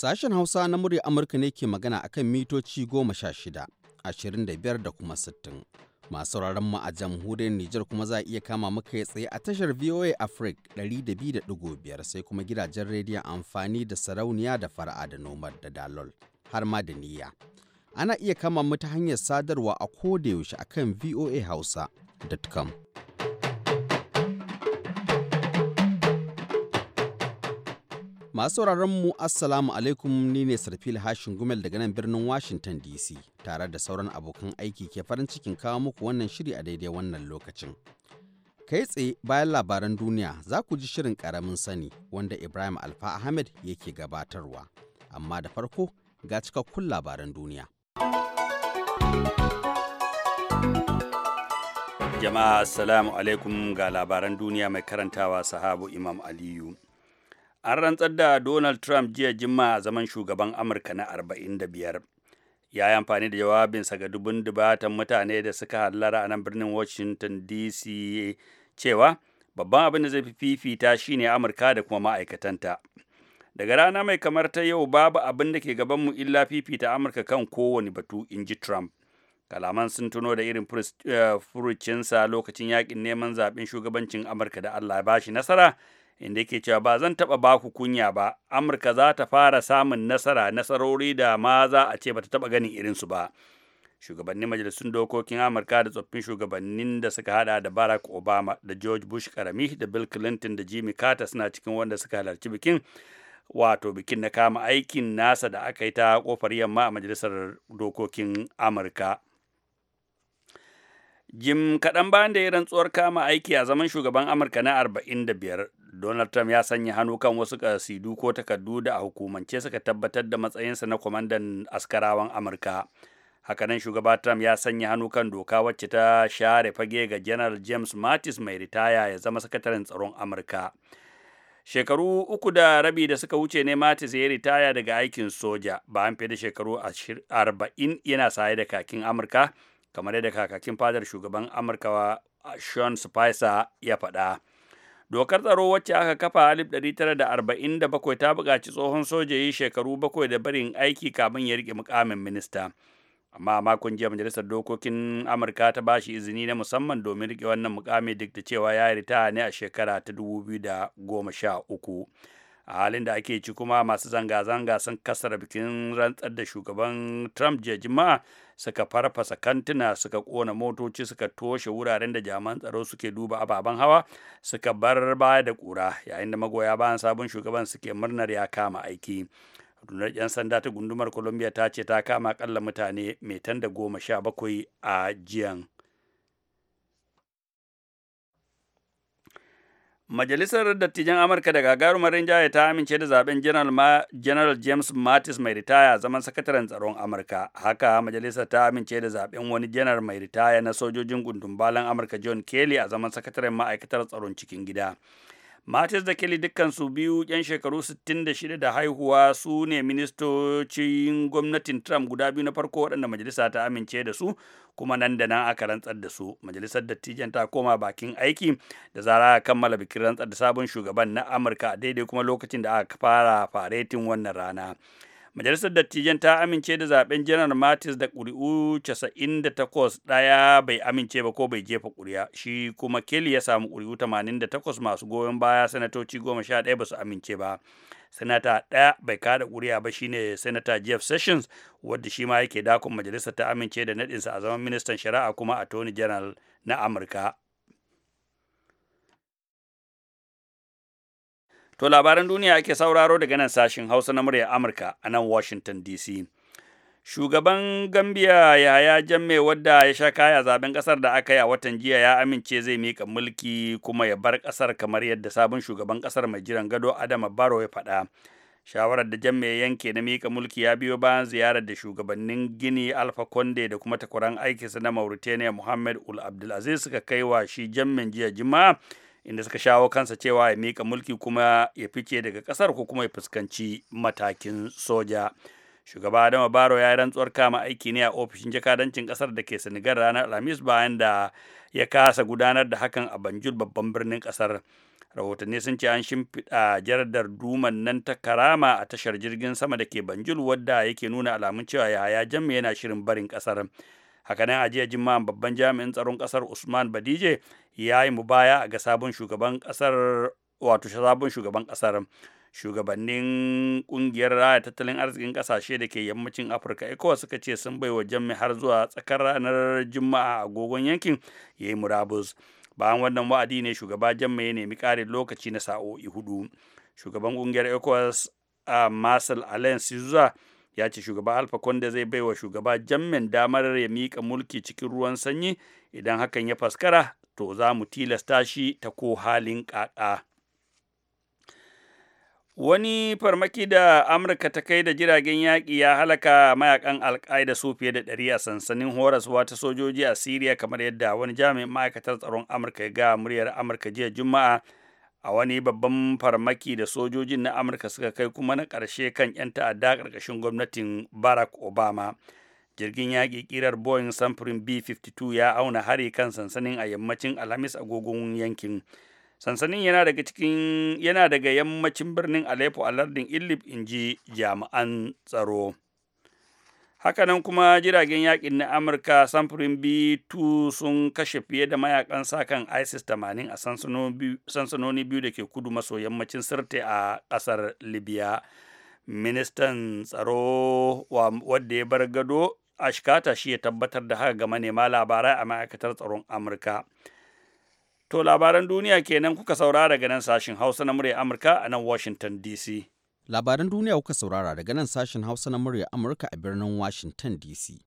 Sashen Hausa na murya Amurka ne ke magana akan mitoci goma sha shida, ashirin da biyar da kuma sittin. Masu sauraron mu a jamhuriyar Nijar kuma za a iya kama muka ya tsaye a tashar VOA Africa 200.5 sai kuma gidajen rediyon amfani da sarauniya da fara'a da nomar da dalol har ma da niyya. Ana iya kama mu ta hanyar sadarwa a kodayaushe akan hausa.com. Masu sauraron mu Assalamu alaikum ni ne Sarfil Hashin Gumel daga nan birnin Washington DC tare da sauran abokan aiki ke farin cikin kawo muku wannan shiri a daidai wannan lokacin. Kai tsaye bayan labaran duniya za ku ji shirin karamin sani wanda Ibrahim Alfa Ahmed yake gabatarwa. Amma da farko ga cikakkun labaran duniya. Jama'a Assalamu alaikum ga labaran duniya mai karantawa sahabu Imam Aliyu. an rantsar da donald trump jiya jimma a zaman shugaban amurka na 45 ya yi amfani da jawabinsa ga dubun dubatan mutane da suka hallara a nan birnin washington dc cewa babban abin da zai fi fifita shine amurka da kuma ma'aikatanta daga rana mai kamar ta yau babu abin da ke gabanmu illa fifita amurka kan kowane batu in ji trump kalaman sun tuno da irin eh, furucinsa lokacin yakin neman zaɓen shugabancin amurka da allah ya bashi nasara inda yake cewa ba zan taɓa baku kunya ba amurka za ta fara samun nasara nasarori da ma za a ce ba ta taɓa ganin irinsu ba shugabannin majalisun dokokin amurka da tsoffin shugabannin da suka hada da barack obama da george bush karami da bill clinton da jimmy carter suna cikin wanda suka halarci bikin wato bikin na kama aikin nasa da aka yi ta kofar yamma a majalisar dokokin amurka Jim kaɗan bayan da ya rantsuwar kama aiki a zaman shugaban Amurka na 45, Donald Trump ya sanya hannu kan wasu ƙasidu ko takardu da a hukumance suka tabbatar da matsayinsa na kwamandan askarawan Amurka. Hakanan shugaba Trump ya sanya hannu kan doka wacce ta share fage ga General James Mattis mai ritaya ya zama sakataren tsaron Amurka. Shekaru uku da rabi da suka wuce ne Mattis ya ritaya daga aikin soja bayan fiye da shekaru arba'in yana saye da kakin Amurka. kamar yadda kakakin fadar shugaban amurka sean spicer ya faɗa dokar tsaro wacce aka kafa 1947 ta buƙaci tsohon soja yi shekaru bakwai da barin aiki kamin ya riƙe mukamin minista amma a makon jiya majalisar dokokin amurka ta ba shi izini na musamman domin riƙe wannan mukami duk da cewa ya ritaya ne a shekara ta 2013 a halin da ake ci kuma masu zanga-zanga sun kasar bikin rantsar da shugaban trump jiya juma'a suka farfasa kantuna suka kona motoci suka toshe wuraren da jaman tsaro suke duba ababen hawa suka bar baya da kura yayin da magoya bayan sabon shugaban suke murnar ya kama aiki rundunar 'yan sanda ta gundumar columbia ta ce ta kama akalla mutane mai da goma sha bakwai a jiyan Majalisar Dattijan Amurka da gagarumar rinjaye ta amince da zaben General, James Mattis mai ritaya zaman sakataren tsaron Amurka. Haka majalisar ta amince da zaben wani janar mai ritaya na sojojin gundumbalan Amurka John Kelly a zaman sakataren ma'aikatar tsaron cikin gida. Mattis da Kelly dukkansu biyu 'yan shekaru 66 da haihuwa su ne ministocin gwamnatin Trump guda biyu na farko waɗanda majalisa ta amince da su kuma nan da nan aka rantsar da su majalisar dattijan ta koma bakin aiki da zara a kammala bikin rantsar da sabon shugaban na amurka a daidai kuma lokacin da aka fara faretin wannan rana majalisar dattijan ta amince da zaben janar matis da ƙuri'u 98 ɗaya bai amince ba ko bai jefa kuri'a shi kuma kelly ya samu ƙuri'u 88 masu goyon baya sanatoci 11 ba su amince ba sanata ɗaya bai kada ƙuri'a ba shine sanata jeff sessions wadda shi ma yake dakon majalisar ta amince da naɗinsa a zaman ministan shari'a kuma a tony general na amurka to labaran duniya ake sauraro daga nan sashin hausa na murya amurka a nan washington dc Shugaban Gambia Yahaya Jamme wadda ya sha kaya zaben kasar da aka yi a watan jiya ya amince zai mika mulki kuma ya bar kasar kamar yadda sabon shugaban kasar mai jiran gado Adama baro ya faɗa. Shawarar da Jamme ya yanke na mika mulki ya biyo bayan ziyarar da shugabannin Gini Alpha konde da kuma takwaran aikinsa na Mauritania Muhammad Ul Abdulaziz suka kai wa shi Jammen jiya Juma'a inda suka shawo kansa cewa ya mika mulki kuma ya fice daga kasar ko kuma ya fuskanci matakin soja. shugaba adama baro ya yi rantsuwar kama aiki ne a ofishin jakadancin kasar da ke senegal ranar alhamis bayan da ya kasa gudanar da hakan a banjul babban birnin kasar rahotanni sun ce an shimfiɗa jaradar duman nan ta karama a tashar jirgin sama da ke banjul wadda yake nuna alamun cewa yaya jamme yana shirin barin kasar hakanan nan ajiya babban jami'in tsaron kasar usman badije ya yi mubaya ga sabon shugaban kasar wato sabon shugaban kasar shugabannin kungiyar raya tattalin arzikin kasashe da ke yammacin afirka ecowas suka ce sun bai wa jami har zuwa tsakar ranar juma'a a agogon yankin ya yi murabus bayan wannan wa'adi ne shugaba jami ya nemi karin lokaci na sa'o'i hudu shugaban kungiyar ecowas a marcel allen sizuza ya ce shugaba alfa conde zai bai wa shugaba jammin damar ya miƙa mulki cikin ruwan sanyi idan hakan ya faskara to za mu tilasta shi ta ko halin ƙaƙa. Wani farmaki da Amurka ta kai da jiragen yaƙi ya halaka mayakan alƙaida su fiye da ɗari a sansanin horas wata sojoji a Siriya kamar yadda wani jami'in ma'aikatar tsaron Amurka ya ga muryar Amurka jiya Juma'a a wani babban farmaki da sojojin na Amurka suka kai kuma na ƙarshe kan 'yan ta'adda ƙarƙashin gwamnatin Barack Obama. Jirgin yaƙi ƙirar Boeing samfurin B-52 ya auna hari kan sansanin a yammacin Alhamis agogon yankin. sansanin yana daga cikin yana daga yammacin birnin aleppo a lardin idlib in ji jami'an tsaro hakanan kuma jiragen yakin na amurka samfurin b2 sun kashe fiye da mayakan sakan isis 80 a sansanoni biyu da ke kudu maso yammacin sirte a kasar libya ministan tsaro wadda ya bar gado a shi ya tabbatar da haka ga manema labarai a ma'aikatar tsaron amurka To labaran duniya kenan kuka saurara daga nan sashin Hausa na murya Amurka a nan Washington DC. Labaran duniya kuka saurara daga nan sashin Hausa na murya Amurka a birnin Washington DC.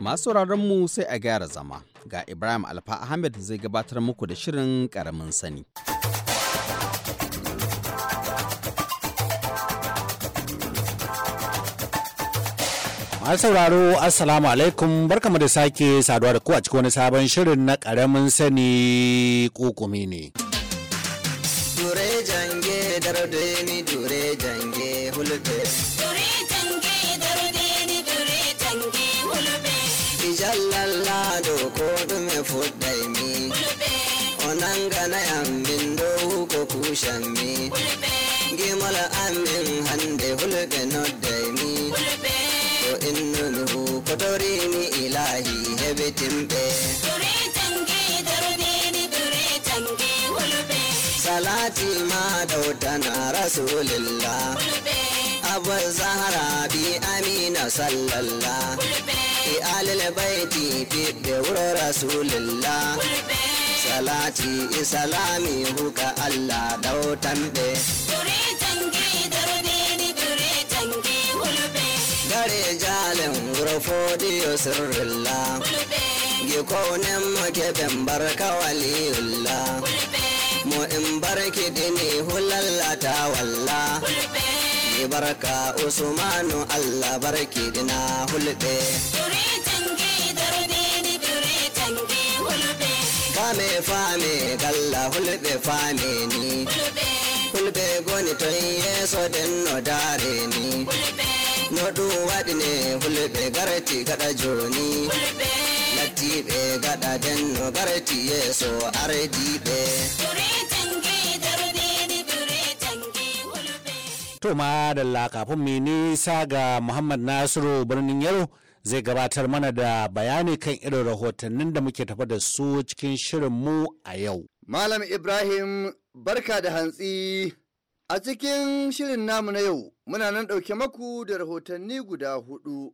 Masu mu sai a gyara zama ga Ibrahim Alfa Ahmed zai gabatar muku da shirin ƙaramin sani. Masu sauraro Assalamu alaikum barkamu da sake saduwa da ku a cikin wani sabon shirin na ƙaramin sani kokumi ne. Dure jange dure jange hulɗe. tana rasulillah abu zahara bi amina sallallah e alil baiti bi bewar rasulillah salati isalami huka allah dau tambe Dare jalin gurfo diyo sirrilla gikonin makefin barka waliyullah mu in barki kiɗi ne walla ni barka usmanu allah bar kiɗi na fame fame galla hulɓe fame ni hulɓe goni to yeso den no dare ni no waɗi ne hulbe garti gaɗa joni latiɓe gaɗa den no garti yeso be. To ma da kafin mai nisa ga Muhammad Nasiru birnin Yaro zai gabatar mana da bayani kan irin rahotannin da muke tafa da su cikin shirin mu a yau. Malam Ibrahim barka da hantsi a cikin shirin namu na yau muna nan ɗauke maku da rahotanni guda hudu.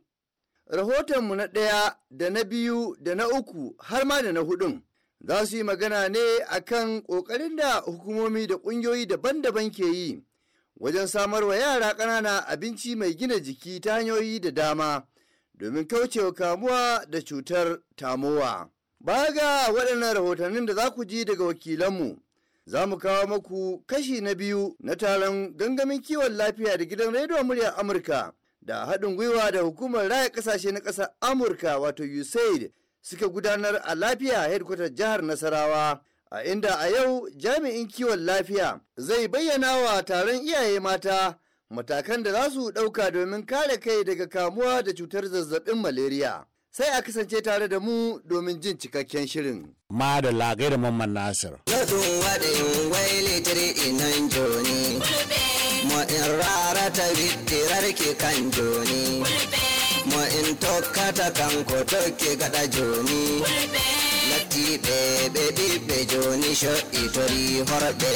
Rahotonmu na ɗaya da na biyu da na uku har ma da na hudun. Za su yi magana ne akan ƙoƙarin da hukumomi da ƙungiyoyi daban-daban ke yi wajen samar wa yara ƙanana abinci mai gina jiki ta hanyoyi da dama domin kaucewa kamuwa da cutar tamowa. Baya ga waɗannan rahotannin da za ku ji daga wakilanmu, za mu kawo maku kashi na biyu na taron gangamin kiwon lafiya da gidan rediyon muryar Amurka da haɗin gwiwa da hukumar raya ƙasashe na ƙasar Amurka wato USAID suka gudanar a lafiya headquarter jihar Nasarawa a inda a yau jami'in kiwon lafiya zai bayyana wa taron iyaye mata matakan da za su ɗauka domin kare kai daga kamuwa da cutar zazzabin malaria. sai a kasance tare da mu domin jin cikakken shirin. Ma da lagai da Mamman Nasir. mo in rara ta bitirar ki kan joni. mo in tokkata kanko tokki gaɗa joni latti ɓe ɓe ɓiɓɓe joni sho tori horɓe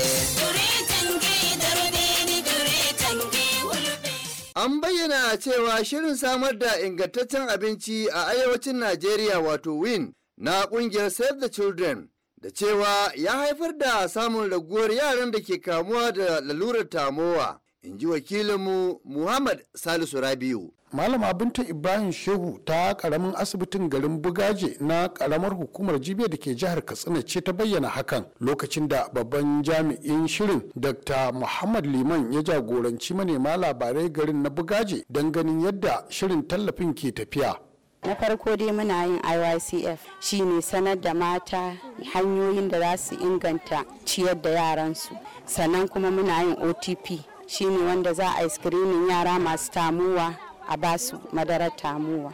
An bayyana cewa shirin samar da ingantaccen abinci a arewacin Najeriya wato WIN na kungiyar Save the Children da cewa ya haifar da samun raguwar yaran da ke kamuwa da lalurar tamowa, in ji wakilinmu Muhammad Salisu Rabiu. malama binta ibrahim shehu ta karamin asibitin garin bugaje na karamar hukumar jibiya da ke jihar katsina ce ta bayyana hakan lokacin da babban jami'in shirin dr muhammad liman ya jagoranci manema labarai garin na bugaje don ganin yadda shirin tallafin ke tafiya na farko dai muna yin iycf shine sanar da mata hanyoyin da za su inganta ciyar da yaransu sannan kuma muna yin otp shine wanda za a yi screening yara masu tamuwa a basu madarar tamuwa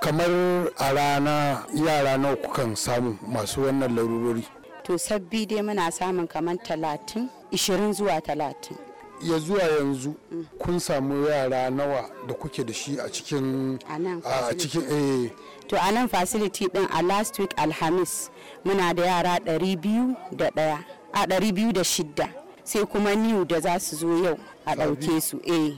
kamar a rana yara nawa kukan samu masu wannan larurori to sabbi dai muna samun kamar talatin ishirin zuwa talatin ya zuwa yanzu mm. kun samu yara nawa da kuke da shi a cikin a cikin eh to a nan facility din a last week alhamis muna da yara 200 da daya a 206 sai kuma new da za su zo yau a ɗauke su eh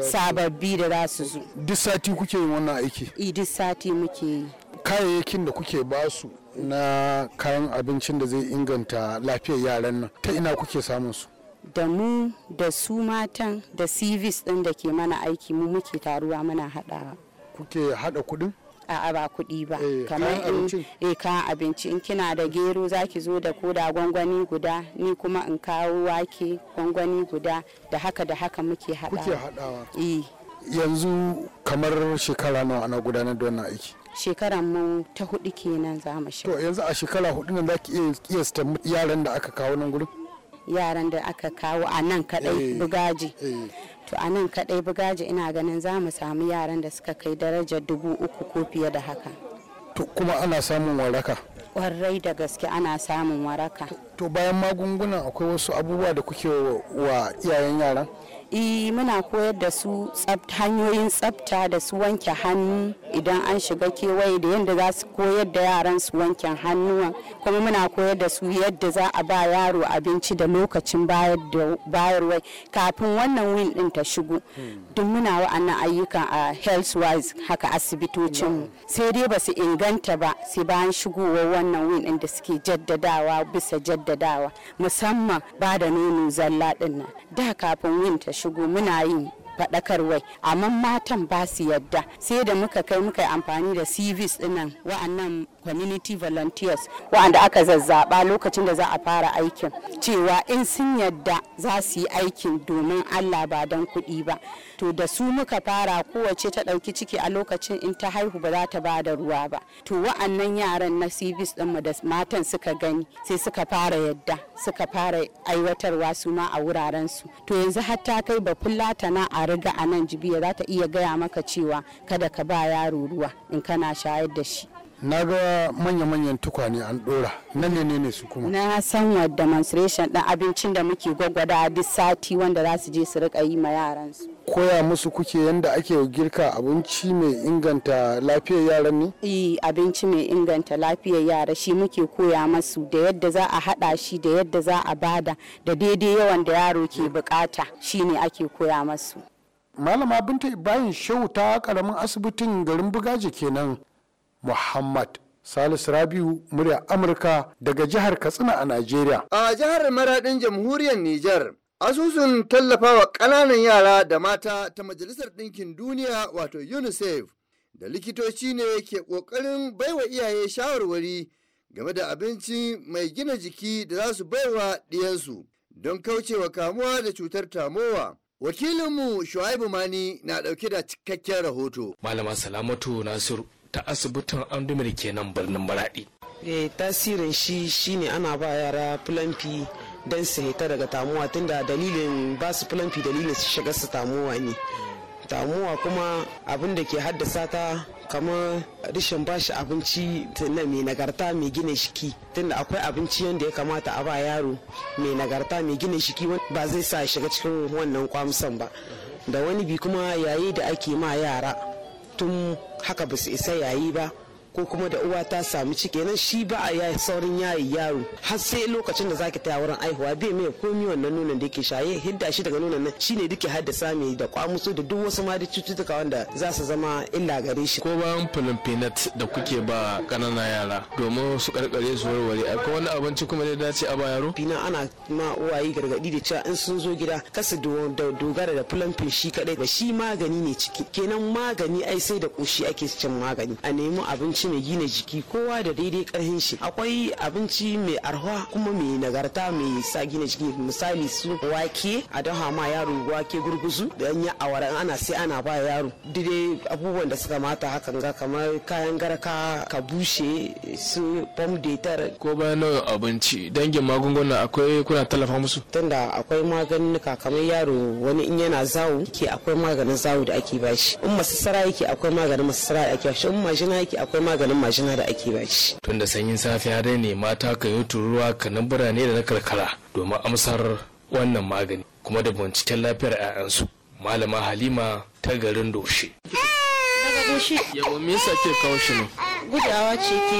sababbi da za su zo duk sati kuke yin wannan aiki eh duk sati muke yi kayayyakin da kuke ba su na kayan abincin da zai inganta lafiyar yaran nan ta ina kuke samun su da mu da su matan da civis ɗin da ke mana aiki mu muke taruwa muna haɗawa kuke haɗa kuɗin a'a ba kuɗi ba eh, kamar in eh, ka abinci in kina da gero zaki zo da ko da gwangwani guda ni kuma in kawo wake gwangwani guda da haka da haka muke haɗawa eh. yanzu kamar shekara nawa ana gudanar da wannan aiki shekaran mu ta hudu kenan za mu shiga to yanzu a shekara hudu nan za ki iya kiyasta yaran da aka kawo nan gurin yaran da aka kawo a nan kadai bugaji to a nan kaɗai bugaji ina ganin za mu samu yaran da suka kai darajar dubu uku ko fiye da haka to kuma ana samun waraka kwarai da gaske ana samun waraka to bayan magunguna akwai wasu abubuwa da kuke wa iyayen yaran e muna koyar da su hanyoyin tsafta da su wanke hannu idan an shiga kewaye da yadda za su koyar da yaran su wanke hannuwan kuma muna koyar da su yadda za a ba yaro abinci da lokacin bayarwa kafin wannan win din ta shigo duk muna wa'annan ayyukan a health haka asibitocin sai dai ba su inganta ba sai bayan shigowa wannan win din da suke jaddadawa bisa jaddadawa musamman ba da nono zalla din nan da kafin win ta shigo muna yin faɗakarwai amma matan ba su yadda sai da muka kai muka yi amfani da cvs dinnan wa'annan community volunteers wa'anda aka zazzaba lokacin da za a fara aikin cewa in sun yadda za su yi aikin domin allah ba don kuɗi ba to da su muka fara kowace ta ɗauki ciki a lokacin in ta haihu ba za ta ba da ruwa ba to wa'annan yaran na civis ɗinmu da matan suka gani sai suka fara yadda suka fara aiwatarwa su ma a wuraren su to yanzu har ta kai bafulla tana a riga a nan jibiya za ta iya gaya maka cewa kada ka ba yaro ruwa in kana shayar da shi na ga manya-manyan tukwane an dora na ne ne su kuma na san wa demonstration ɗan abincin da muke gwagwada a duk sati wanda za su je su rika yi ma yaran su koya musu kuke yadda ake girka abinci mai inganta lafiyar yaran ne eh abinci mai inganta lafiyar yara shi muke koya masu da yadda za a hada shi da yadda za a bada da daidai yawan da yaro ke bukata shine ake koya masu malama binta bayan shehu ta karamin asibitin garin bugaji kenan muhammad Salisu Rabiu murya Amurka daga jihar Katsina a Najeriya. A jihar Maradin Jamhuriyar Nijar, asusun tallafawa ƙananan yara da mata ta Majalisar Ɗinkin Duniya wato UNICEF da likitoci ne ke ƙoƙarin baiwa iyaye shawarwari game da abinci mai gina jiki da za su baiwa ɗiyansu don kaucewa kamuwa da cutar tamowa. Wakilinmu Shuaibu Mani na ɗauke da cikakken rahoto. Malama Salamatu Nasiru ta asibitin andumi da kenan birnin maradi eh, tasirin shi shine ana ba yara fulanfi don su hita daga tamuwa tunda dalilin ba su fulanfi dalilin su shiga su tamuwa ne tamuwa kuma abin da ke haddasa ta kamar rashin bashi abinci na mai nagarta mai gina shiki tunda akwai abinci yadda ya kamata a ba yaro mai nagarta mai gina shiki ba zai sa shiga cikin wannan kwamsan ba da wani bi kuma yayi da ake ma yara tun haka ba su isa yayi ba ko kuma da uwa ta samu ciki kenan shi ba a yayi saurin yayi yaro har sai lokacin da zaki taya wurin aihuwa bai mai komi wannan nunan da yake shaye hidda shi daga nunan nan shine duke haddasa mai da kwamuso da duk wasu ma da cututtuka wanda za su zama illa gare shi ko bayan fulumfinat da kuke ba kananan yara domin su karkare su warware ko wani abinci kuma da dace a ba yaro pina ana ma uwaye gargadi da cewa in sun zo gida kasa dogara da fulamfin shi kadai ba shi magani ne ciki kenan magani ai sai da koshi ake cin magani a nemi abinci abinci mai gina jiki kowa da daidai karhin shi akwai abinci mai arha kuma mai nagarta mai sa gina jiki misali su wake a dafa ma yaro wake gurguzu da yan awara ana sai ana ba yaro dide abubuwan da suka mata hakan ga kamar kayan garka ka bushe su pom detar ko bayan nau'in abinci dangin magunguna akwai kuna tallafa musu tunda akwai maganinka kamar yaro wani in yana zawo ke akwai maganin zawo da ake bashi in sara yake akwai maganin masu da ake bashi in majina yake akwai maganin mashina da ake bashi. Tun da sanyin safiya dai ne mata kan yi tururuwa nan birane da na karkara domin amsar wannan magani kuma da binciken lafiyar 'ya'yansu. Malama Halima ta garin Doshi. Daga me yasa ke kawo shi ne? Gudawa ce ke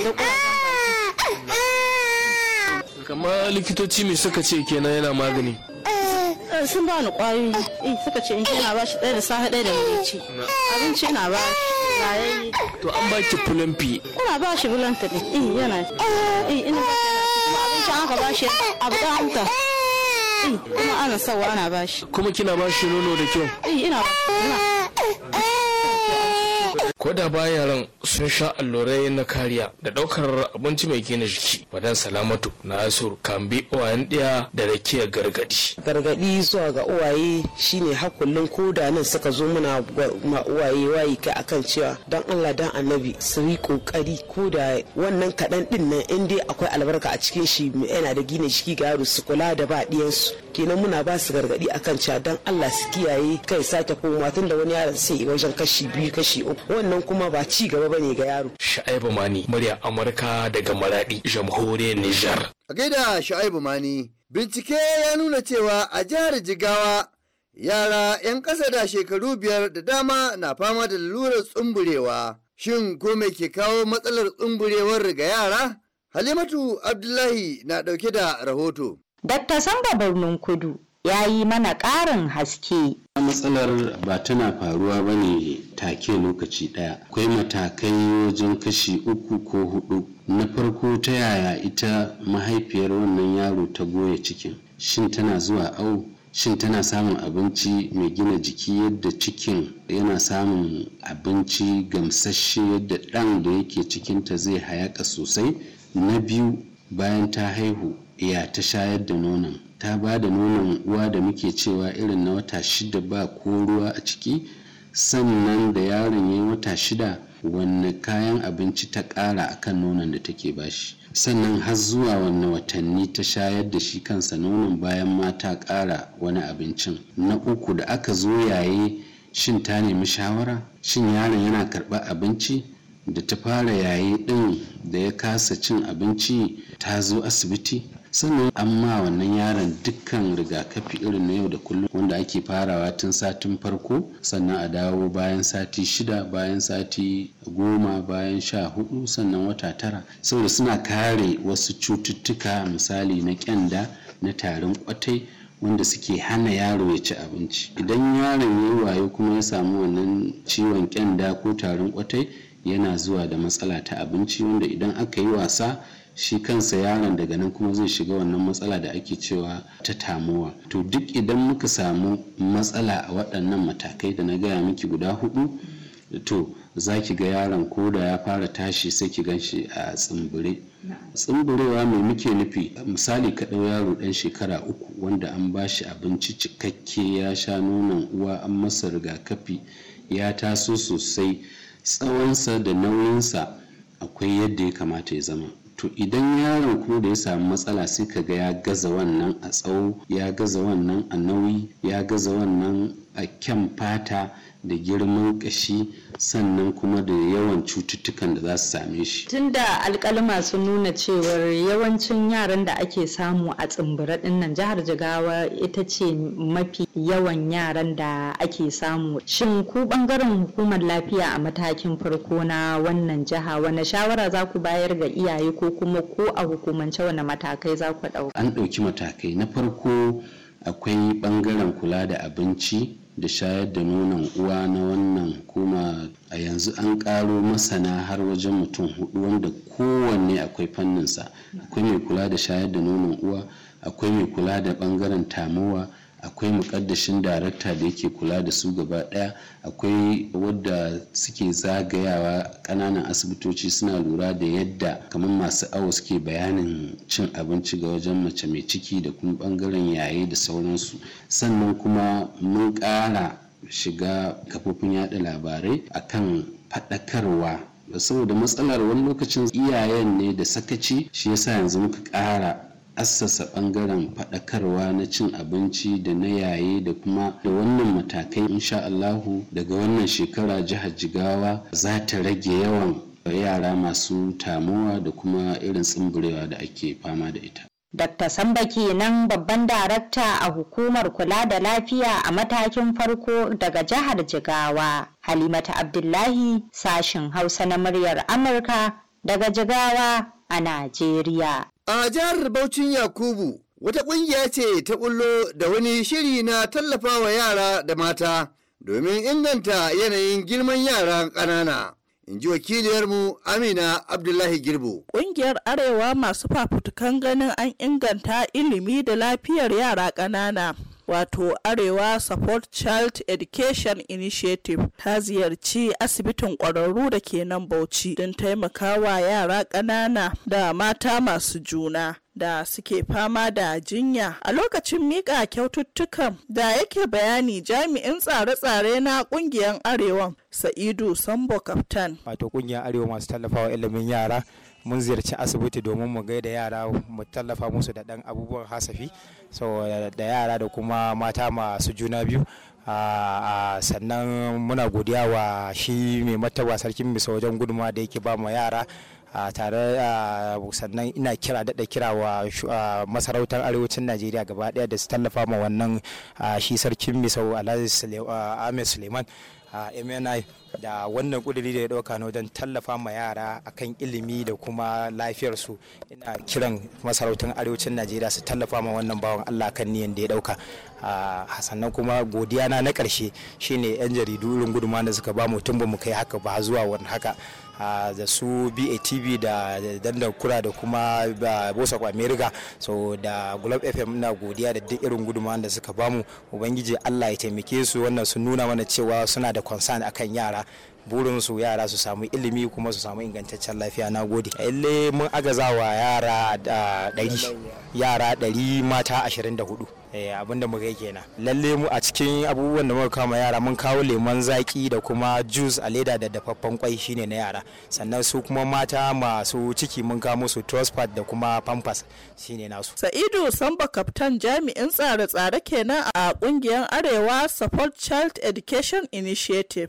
da Kamar likitoci me suka ce kenan yana magani? Eh, sun ba ni kwayoyi eh suka ce in ce ina ba shi ɗaya da safe ɗaya da mece abinci ina ba shi to an ki fulanfi ina ba shi fulanta ne eh yana eh ina ba kuma abinci an ka ba shi abu da hanta eh, kuma ana sawa ana ba shi kuma kina ba shi nono da kyau eh ina ba ko da ba yaran sun sha allurai na kariya da ɗaukar abinci mai gina jiki wadan salamatu na asur kan bi uwayen ɗaya da rakiyar gargadi gargadi zuwa ga uwaye shine hakullin ko da nan suka zo muna ma uwaye wayi kai akan cewa dan Allah dan annabi su yi kokari ko da wannan kaɗan ɗinnan nan in dai akwai albarka a cikin shi yana da gina jiki ga yaro su kula da ba ɗiyansu kenan muna ba su gargadi akan cewa don Allah su kiyaye kai sake koma tunda wani yaron sai wajen kashi biyu kashi uku wannan kuma ba ci gaba ba ne ga yaro Sha'ibu Mani murya Amurka daga Maradi jamhuriyar Nijar a gaida Sha'ibu Mani bincike ya nuna cewa a jihar Jigawa yara 'yan ƙasa da shekaru biyar da dama na fama da lalurar tsumburewa shin ko me ke kawo matsalar tsumburewar ga yara Halimatu Abdullahi na ɗauke da rahoto. Dr. Samba Birnin Kudu ya yi mana ƙarin haske. matsalar ba tana faruwa ba ne take lokaci ɗaya akwai matakai wajen kashi uku ko hudu na farko ta yaya ita mahaifiyar wannan yaro ta goya cikin shin tana zuwa au shin tana samun abinci mai gina jiki yadda cikin yana samun abinci gamsasshe yadda ɗan da yake cikinta zai hayaka sosai na biyu bayan ta haihu iya ta shayar da nonon ta ba da nonon uwa da muke cewa irin na wata shida ba ko ruwa a ciki sannan da yaron ya yi wata shida wanne kayan abinci ta ƙara akan nonon da take bashi sannan har zuwa wanne watanni ta shayar da shi kansa nonon bayan ma ta ƙara wani abincin na uku da aka zo yaye shin ta nemi shawara shin yaron yana karɓar abinci da ta fara yaye ɗin da ya kasa cin abinci ta zo asibiti sannan an ma wannan yaron dukkan rigakafi irin na yau da kullum wanda ake farawa tun satin farko sannan a dawo bayan sati shida bayan sati goma bayan sha hudu sannan wata tara saboda suna kare wasu cututtuka misali na kyanda na tarin kwatai wanda suke hana yaro ya ci abinci idan yaron ya yi wayo kuma ya samu wannan ciwon kyanda ko tarin kwatai yana zuwa da matsala ta abinci wanda idan aka yi wasa shi kansa yaron daga nan kuma zai shiga wannan matsala da ake cewa ta tamuwa to duk idan muka samu matsala a waɗannan matakai da na gaya miki guda hudu to za ki ga yaron ko da ya fara tashi sai ki gan shi a tsimbire tsimbirewa mai muke nufi misali ka yaro ɗan shekara uku wanda an ba shi abinci cikakke ya sha nonon uwa an masa rigakafi ya taso sosai tsawonsa da nauyinsa akwai yadda ya kamata ya zama to idan yaron kuma da ya samu matsala sai ka ga ya gaza wannan a tsawo ya gaza wannan a nauyi ya gaza wannan a kyan fata da girman ƙashi sannan kuma da yawan cututtukan da za su same shi. Tunda alkalima sun nuna cewar yawancin yaran da ake samu a tsimbira ɗinnan jihar Jigawa ita ce mafi yawan yaran da ake samu. Shin ku bangaren hukumar lafiya a matakin farko na wannan jiha wani shawara za ku bayar ga iyaye ko kuma ko a hukumance wani matakai za ku ɗauka? An ɗauki matakai na farko akwai ɓangaren kula da abinci da shayar da nonon uwa na wannan kuma a yanzu an karo masana har wajen mutum hudu wanda kowanne akwai fanninsa akwai mai kula da shayar da nonon uwa akwai mai kula da bangaren tamuwa. akwai mukaddashin darakta da yake kula da su gaba daya akwai wadda suke zagayawa kananan asibitoci suna lura da yadda kamar masu awa suke bayanin cin abinci ga wajen mace mai ciki da kuma bangaren yaye da sauransu sannan kuma mun kara shiga kafofin yada labarai a kan faɗakarwa saboda matsalar wani lokacin iyayen ne da sakaci shi yasa yanzu muka ƙara assasa bangaren faɗakarwa na cin abinci da na yaye da kuma da wannan matakai insha Allahu daga wannan shekara jihar Jigawa za ta rage yawan yara masu tamuwa da kuma irin tsumburewa da ake fama da ita. Dr. Samba nan babban darakta a hukumar kula da lafiya a matakin farko daga jihar Jigawa. Halimata Abdullahi sashin Hausa na muryar Amurka daga Jigawa a Najeriya. A jihar Bauchin Yakubu, wata ƙungiya ce ta ƙullo da wani shiri na tallafawa yara da mata domin inganta yanayin girman yara ƙanana. Inji ji wakiliyarmu amina abdullahi girbo ƙungiyar arewa masu fafutukan ganin an inganta ilimi da lafiyar yara ƙanana wato Arewa Support Child Education Initiative ta ziyarci asibitin ƙwararru da ke nan Bauchi don taimakawa yara ƙanana da mata masu juna. da suke fama da jinya a lokacin mika kyaututtukan da yake bayani jami'in tsare-tsare na kungiyar arewa sa'idu sambo kaftan wato kungiyar arewa masu tallafawa ilimin yara mun ziyarci asibiti domin mu gaida yara mu tallafa musu da ɗan abubuwan hasafi so da yara da kuma mata masu juna biyu sannan muna godiya wa shi mai martaba sarkin bisa wajen gudunma da yake ba ma yara a tare sannan ina kira daɗa kira wa masarautar arewacin najeriya gaba ɗaya da su tallafa ma wannan shi sarkin bisa alhaji ahmed suleiman mni da wannan kuduri da ya dauka na wajen tallafa ma yara akan ilimi da kuma lafiyarsu ina kiran masarautar arewacin najeriya su tallafa ma wannan bawan allah kan niyan da ya dauka sannan kuma godiya na na karshe shine yan jaridu irin guduma da suka ba mu tun ba mu kai haka ba zuwa wani haka da su batv da dandan kura da kuma bosa kwa america so da glob fm na godiya da duk irin guduma da suka ba mu ubangiji allah ya taimake su wannan su nuna mana cewa suna da concern akan yara yara burinsu yara su samu ilimi kuma su samu ingantaccen lafiya na gode lalle mun agazawa yara ah, ɗari yara ɗari mata ashirin da hudu eh, abinda mu kai kenan lalle mu a cikin abubuwan da muka kama yara mun kawo lemon zaki da kuma jus a leda da dafaffen kwai shine na yara sannan su kuma mata masu ciki mun kawo musu trustpad da kuma pampas shine nasu sa'idu samba kaftan jami'in tsare-tsare kenan a kungiyar arewa support child education initiative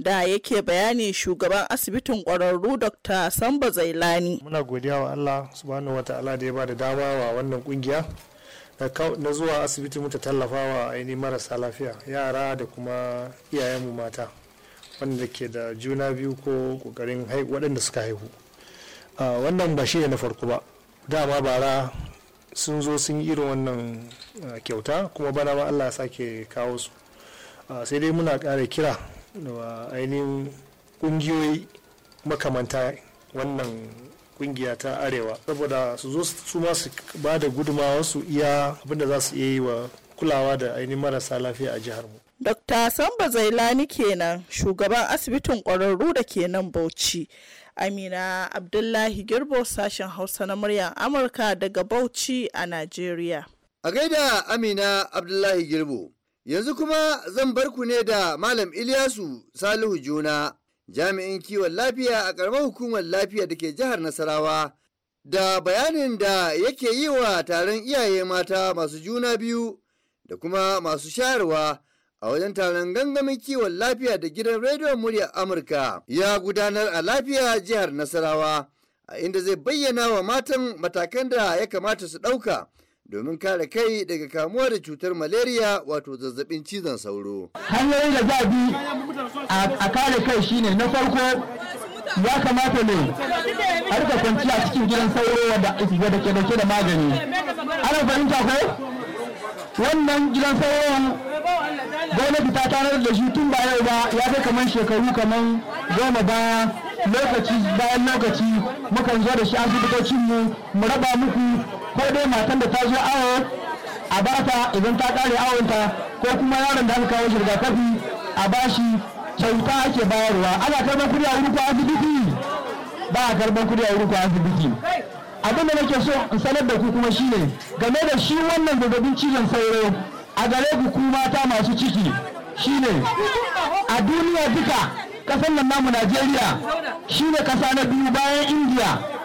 da yake bayani shugaban asibitin kwararru dr samba zailani muna godiya wa allah subhanahu wa ta'ala da ya ba da dama wa wannan kungiya na zuwa asibiti muta tallafawa tallafa wa ainihin marasa lafiya yara da kuma iyayenmu mata wanda ke da juna biyu ko kokarin waɗanda suka haihu wannan ba shi ne na farko ba dama bara sun zo sun yi irin wannan kyauta kuma bana ma allah sake kawo su sai dai muna ƙara kira da ainihin kungiyoyi makamanta wannan kungiya ta arewa saboda su zo su masu ba da gudumawa su iya abinda za su iya yi wa kulawa da ainihin marasa lafiya a jihar mu. Dr. Samba Zailani kenan shugaban asibitin ƙwararru da ke nan Bauchi. Amina Abdullahi Girbo sashen Hausa na muryar Amurka daga Bauchi a Najeriya. A gaida Amina Abdullahi Girbo. Yanzu kuma zan bar ku ne da Malam Ilyasu Salihu Juna, jami'in kiwon lafiya a ƙaramar hukumar lafiya da ke jihar Nasarawa, da bayanin da yake yi wa taron iyaye mata masu juna biyu da kuma masu shayarwa a wajen taron gangamin kiwon lafiya da gidan rediyon muryar Amurka ya gudanar a lafiya jihar Nasarawa, a inda zai bayyana wa matan matakan da ya kamata su ɗauka. domin kare kai daga kamuwa da cutar malaria wato zazzabin cizon sauro. Hanyoyin da za bi a kare kai shine na farko ya kamata ne a rika kwanciya cikin gidan sauro wanda ke dauke da magani. Ana fahimta ko? Wannan gidan sauro gwamnati ta tanar da shi tun ba yau ba ya kai kamar shekaru kamar goma baya lokaci bayan lokaci mukan zo da shi asibitocinmu mu raba muku ko dai matan da ta zo awo a ba ta idan ta kare awonta ko kuma yaron da aka kawo shi rigakafi a ba shi kyauta ake bayarwa ana karban kuɗi a wurin ko asibiti ba a karban kuɗi a wurin ko asibiti abin da nake so in sanar da ku kuma shine game da shi wannan zazzabin cizon sauro a gare ku ku mata masu ciki shine a duniya duka kasan nan namu Najeriya shine kasa na biyu bayan Indiya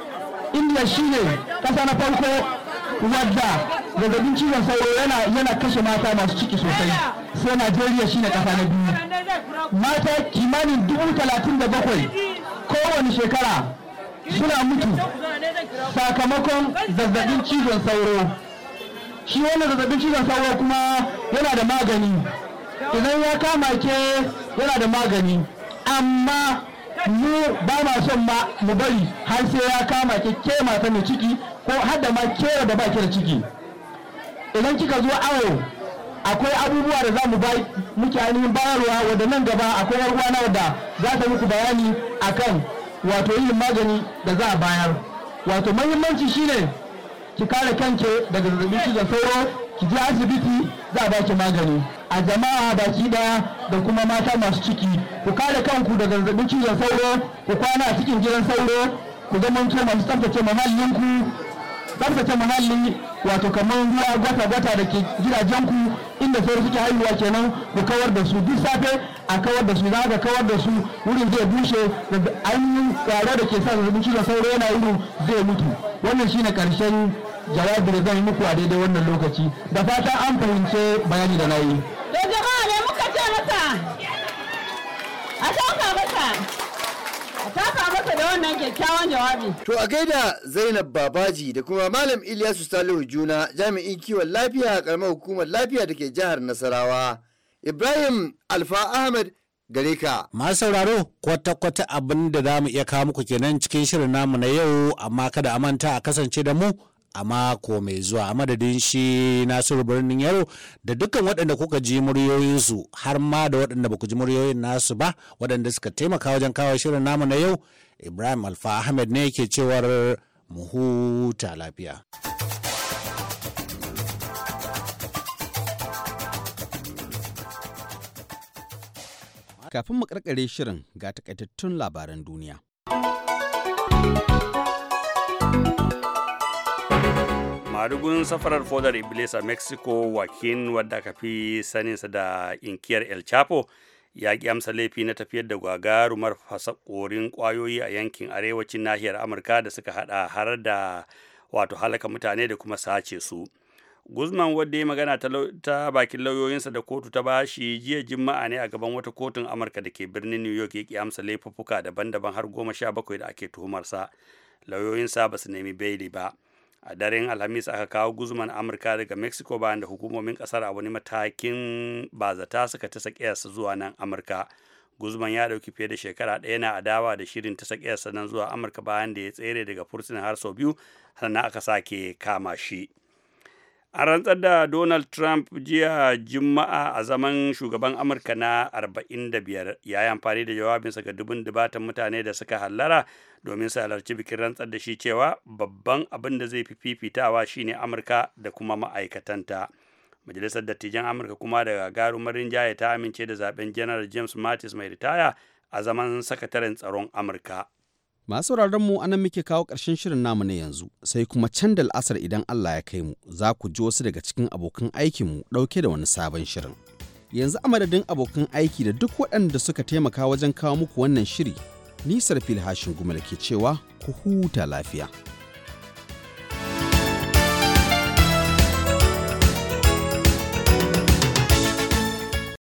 indiya shine kasa na farko wadda zazzabin cizon sauro yana kashe mata masu ciki sosai sai najeriya shine kasa na biyu mata kimanin dubu talatin da bakwai kowane shekara suna mutu sakamakon zazzabin cizon sauro shi wannan zazzabin cizon sauro kuma yana da magani idan ya kama ke yana da magani amma mu ba ma son ma mu bari har sai ya kama ke ke mata mai ciki ko har da ma kera da ba da ciki idan kika zo awo akwai abubuwa da za mu ba muke ainihin bayarwa wadda nan gaba akwai yar na wadda za ta muku bayani akan wato yin magani da za a bayar wato mahimmanci shine ki kare kanke daga zazzabin cizon sauro ki je asibiti za a baki magani a jama'a baki daya da kuma mata masu ciki ku kare kanku da zazzabin cizon sauro ku kwana a cikin gidan sauro ku zamanto masu tsaftace muhallinku tsaftace muhalli wato kamar ruwa gwata-gwata da ke gidajenku inda sauro suke haihuwa kenan ku kawar da su duk safe a kawar da su za ka kawar da su wurin zai bushe da ainihin kwaro da ke sa zazzabin cizon sauro yana yi zai mutu wannan shine karshen jawabi da zan yi muku a daidai wannan lokaci da fatan an fahimce bayani da na yi a tafa masa a tafa da wannan kyakkyawan jawabi to a gaida zainab babaji da kuma malam ilyasu salihu juna jami'in kiwon lafiya a karamar hukumar lafiya da ke jihar nasarawa ibrahim alfa ahmed Gareka. ka. Masu sauraro kwata-kwata abin da za mu iya kawo muku kenan cikin shirin namu na yau amma kada a manta a kasance da mu a mako mai zuwa a madadin shi nasiru birnin yaro da dukkan waɗanda kuka ji muryoyinsu har ma da waɗanda ba ku ji muryoyin nasu ba waɗanda suka taimaka wajen kawo shirin namu na yau ibrahim alfa ahmed ne ke cewar mu huta lafiya. kafin mu karkare shirin ga takaitattun labaran duniya. marugun safarar fodar iblis a mexico wakin wadda aka fi saninsa da inkiyar el chapo ya ki amsa laifi na tafiyar da gagarumar fasakorin kwayoyi a yankin arewacin nahiyar amurka da suka hada har da wato halaka mutane da kuma sace su guzman wadda ya magana ta bakin lauyoyinsa da kotu ta bashi jiya jima'a ne a gaban wata kotun amurka da ke birnin new york ya ki amsa laifuffuka daban-daban har goma sha bakwai da ake tuhumarsa lauyoyinsa ba su nemi beli ba a daren alhamis aka kawo guzman amurka daga mexico bayan da hukumomin kasar a wani matakin ba bazata suka ta sakiyarsa zuwa nan amurka guzman ya dauki fiye da shekara ɗaya na adawa da shirin ta sakiyarsa nan zuwa amurka bayan da ya tsere daga fursunan har sau biyu sannan aka sake kama shi a rantsar da Donald Trump jiya Juma'a a zaman shugaban Amurka na 45 ya yi amfani da jawabinsa ga dubin dubatan mutane da suka hallara domin su halarci bikin rantsar da shi cewa babban abin da zai fi fifitawa shine Amurka da kuma ma'aikatanta. Majalisar Dattijan Amurka kuma da gagarumar rinjaye ta amince da zaben General James Mattis mai ritaya a zaman sakataren tsaron Amurka. Masu mu anan muke kawo ƙarshen shirin namu na yanzu, sai kuma can da la'asar idan Allah ya kai mu, za ku ji wasu daga cikin abokan aikinmu ɗauke da wani sabon shirin. Yanzu a madadin abokan aiki da duk waɗanda suka taimaka wajen kawo muku wannan shiri, nisar filhashin gumal ke cewa ku huta lafiya.